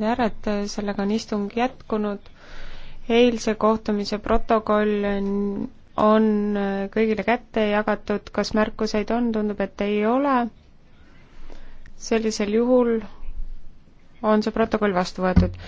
järjed, sellega on istung jätkunud. eilse kohtumise protokoll on kõigile kätte jagatud, kas märkuseid on, tundub, et ei ole. sellisel juhul on see protokoll vastu võetud.